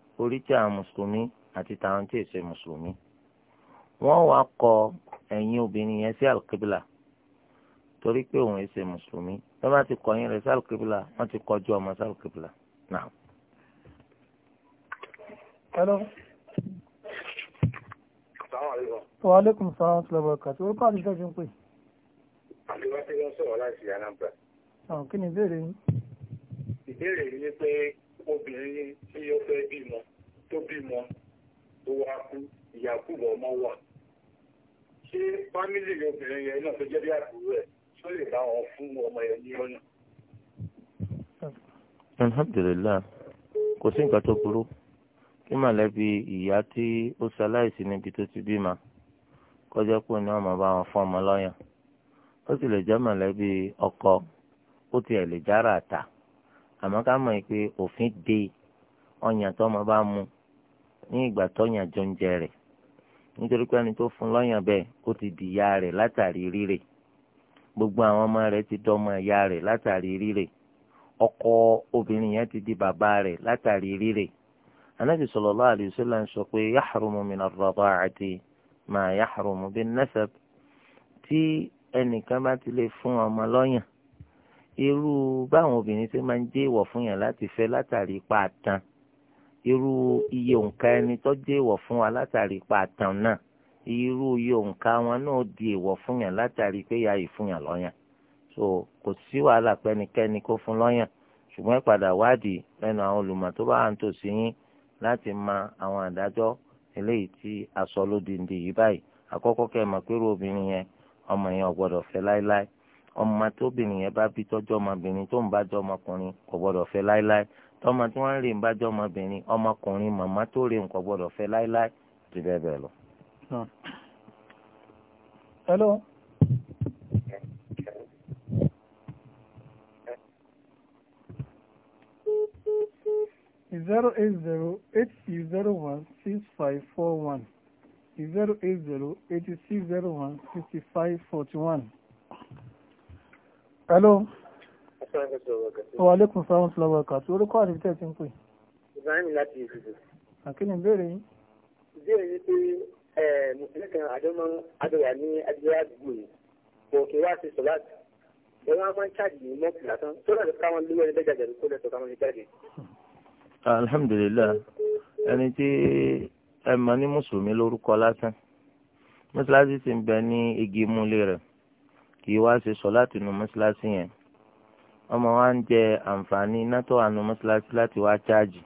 a mùsùlùmí àti tàwọn tí èsè mùsùlùmí wọ́n wá kọ ẹ̀yìn obìnrin yẹn sí alùkébìlà torí pé òun èsè mùsùlùmí wọ́n bá ti kọ ẹ̀yìn rẹ̀ sí alùkébìlà wọ́n ti kọjú ọmọ sí alùkébìlà náà. Hello. Wa alaikum salaam wa rahmatullahi wa barakatuh. Orúkọ àdìsẹ́ fi ń pè àdébáṣe ló ń sọ̀rọ̀ láti Anambra. kí ni ìbéèrè yín. ìbéèrè yìí ni pé obìnrin tí ó fẹ́ bímọ tó bímọ tó wá kú ìyàkùbọ̀ ọmọ wà ṣé fámìlì obìnrin yẹn náà tó jẹ́ bí àbúrò ẹ̀ tó lè bá wọn fún ọmọ yẹn ní ọ̀nà. alhamdulilayi kò sí nǹkan tó burú kí màlẹ́bí ìyá tí ó ṣaláìsí níbi tó ti bímọ kọjá pé ní ọmọ bá wọn fún ọmọ lọ́yàn ó sì lè jẹ́ mọ̀lẹ́bí ọkọ ó tiẹ̀ lè jára àtà àmọ́ ká mọ̀ pé òfin de ọyàn tọ́mọ bá mu ní ìgbà tọ́yàn jọ ń jẹ rẹ̀ nítorí pé ẹni tó fún lọ́yàn bẹ́ẹ̀ ó ti di ìyá rẹ̀ látàrí rírè gbogbo àwọn ọmọ rẹ̀ ti dọ́mọ ìyá rẹ̀ látàrí rírè ọkọ obìnrin yẹn ti di bàbá rẹ̀ látàrí rírè anabi sallallahu alaihi wasallam ń sọ pé yahrumu min ar-rada'ati ma yahrumu bin nasab tí ẹnìkan bá ti lè fún ọmọ lọ́yàn irú báwọn obìnrin ṣe máa ń jẹ́ ìwọ̀ fún yàn láti fẹ́ látàrí ipa àtàn irú iye òǹkà ẹni tó jẹ́ ìwọ̀ fún wa látàrí ipa àtàn náà irú iye òǹkà wọn náà di ìwọ̀ fún yàn látàrí pé ya ìfún yàn lọ́yàn so kò sí wàhálà pẹ́nikẹ́ni kó fún lọ́yàn ṣùgbọ́n ìpadà wádìí lẹ́nu àwọn olùmọ̀ tó bá wà nítòsí yín láti mọ àwọn àdájọ́ eléyìí tí aṣọ lódìndín yìí báyìí àkọ́kọ́ kẹ́ ẹ mọ̀ pé irú obìnrin yẹn ọmọ yẹn ò gbọ́dọ̀ fẹ́ ọmọ tóbìnrin yẹn bá bí tọ́jú ọmọbìnrin tó ń bá jọ ọmọkùnrin kò gbọ́dọ̀ fẹ́ láéláé tọ́mọ tí wọ́n ń rè bá jọ ọmọbìnrin ọmọkùnrin màmá tó rè kò gbọ́dọ̀ fẹ́ láéláé ti bẹ́ẹ̀ bẹ́ẹ̀ lọ. hello. zero eight zero eight zero one six five four one zero eight zero eighty six zero one sixty five forty one. hello. wa aleykum salaam wa rahmatulahi orúkọ àti tẹ́ ẹ ti ń pè. ibrahim láti ìdìbò. àkínní ìbéèrè yín. ìbéèrè yìí pé mùsùlùmí kan àdọ́mọ́ adọ́wà ní adúlá àdúgbò yìí kò kí wá sí sọ̀lá ẹ wá máa ń ṣáàjì ní mọ́ọ̀kì lásán tó lọ́dọ̀ káwọn lówó ẹni bẹ́ẹ̀ jáde kó lẹ́sọ̀ káwọn lè jáde. alhamdulilayi ẹni tí ẹ mọ̀ ní mùsùlùmí lórúkọ lásán mọ́ṣáláṣí sì ń bẹ ní igi múlé rẹ̀ kì í wá ṣe sọ láti nu mọ́ṣáláṣí yẹn ọmọ wa ń jẹ àǹfààní iná tó wà nu mọ́ṣáláṣí láti wá chájì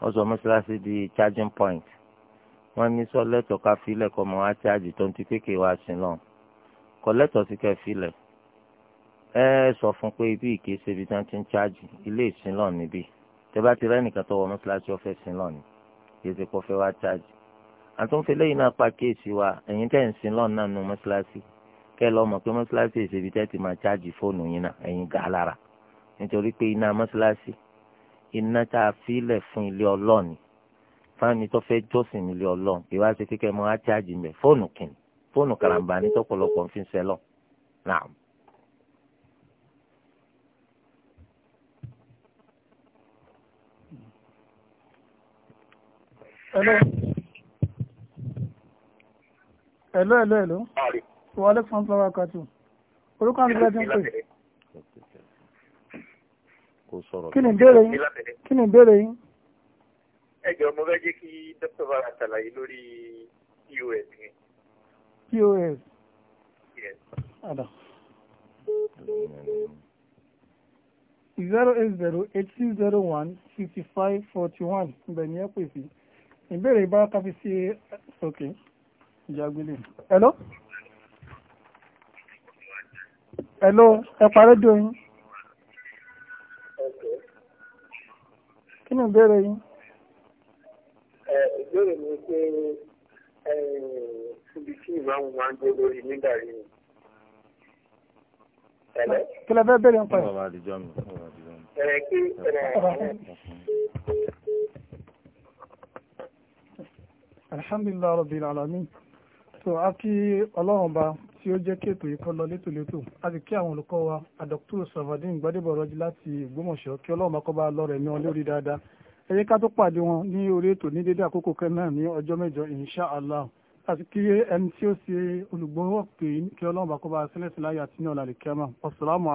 wọ́n sọ mọ́ṣáláṣí di charging point wọ́n ní sọ lẹ́tọ̀ọ́ ká filẹ̀ kọ́ ọmọ wa chájì tó ń ti pé kéwàá sí lọ́n kọ́ lẹ́tọ̀ọ́ sí kẹ́ filẹ̀ ẹ sọ fún pé ibi ìkéṣe ibi tí wọ́n ti ń chájì ilé ìsìn lọ́ọ̀ níbí bá ti rẹ́ tó wọ mọ́ṣáláṣí ọ̀fẹ́ kì í ṣe kó fẹ́ wá ṣáàjì àtúnfẹ́ lẹ́yìn náà pa kéèsì wa ẹ̀yin tẹ́ ń sin lọ́nà nù mọ́ṣáláṣí kẹ́ lọ́ mọ̀ pé mọ́ṣáláṣí ìṣèbí tẹ́ ti máa ṣáàjì fóònù yín náà ẹ̀yin gà á lára nítorí pé iná mọ́ṣáláṣí iná tá a fílẹ̀ fún ilé ọlọ́ọ̀ni fáwọn tó fẹ́ jọ́sìn nílé ọlọ́ọ̀n kì í wá ṣe kíkẹ́ mọ́ á ṣáàjì mẹ́ fóònù kìnnì fóònù karambani tó pọ̀lọpọ̀ ń hello hello hello hello wa alaikum salaam kàtó orúkọ àgbẹ̀ ti ń pè kí ni ìbéèrè yín kí ni ìbéèrè yín. ẹ jọ mo fẹ́ jẹ́ kí dókítà bá ṣàlàyé lórí pos yẹn. pos. Ada. zero eight zero eight six zero one fifty five forty one ibẹ̀ ni ẹ pè ìbéèrè ìbára káfí sí òkè ìjàgbélé hello hello ẹ pa rédíò yín kí ni ìbéèrè yín. ìbéèrè mi pé ibi tí ìmáàmù máa ń gbé lórí nígbà yìí. kí lè fẹ́ bẹ̀rẹ̀ ń pa ẹ̀. alhamdulilayi rabbil alamin so a kí ọlọ́run ba tí ó jẹ́ kí ètò yìí kó lọ létòlétò a sì kí àwọn olùkọ́ wa adọ́kítọ́rọ̀ sàfàdín gbadébọ̀ rọ́jí láti ìgbómọ̀ṣọ́ kí ọlọ́run bá kó bá lọ́rọ̀ ẹ̀mí wọn lórí dáadáa ẹ jẹ́ ká tó pàdé wọn ní orí ètò ní dédé àkókò kan náà ní ọjọ́ mẹ́jọ insha allah àti kí ẹni tí ó ṣe olùgbọ́wọ́ pé kí ọlọ́run bá kó bá sílẹ̀ láyé àti ní ọ̀la lè kíámà assalamu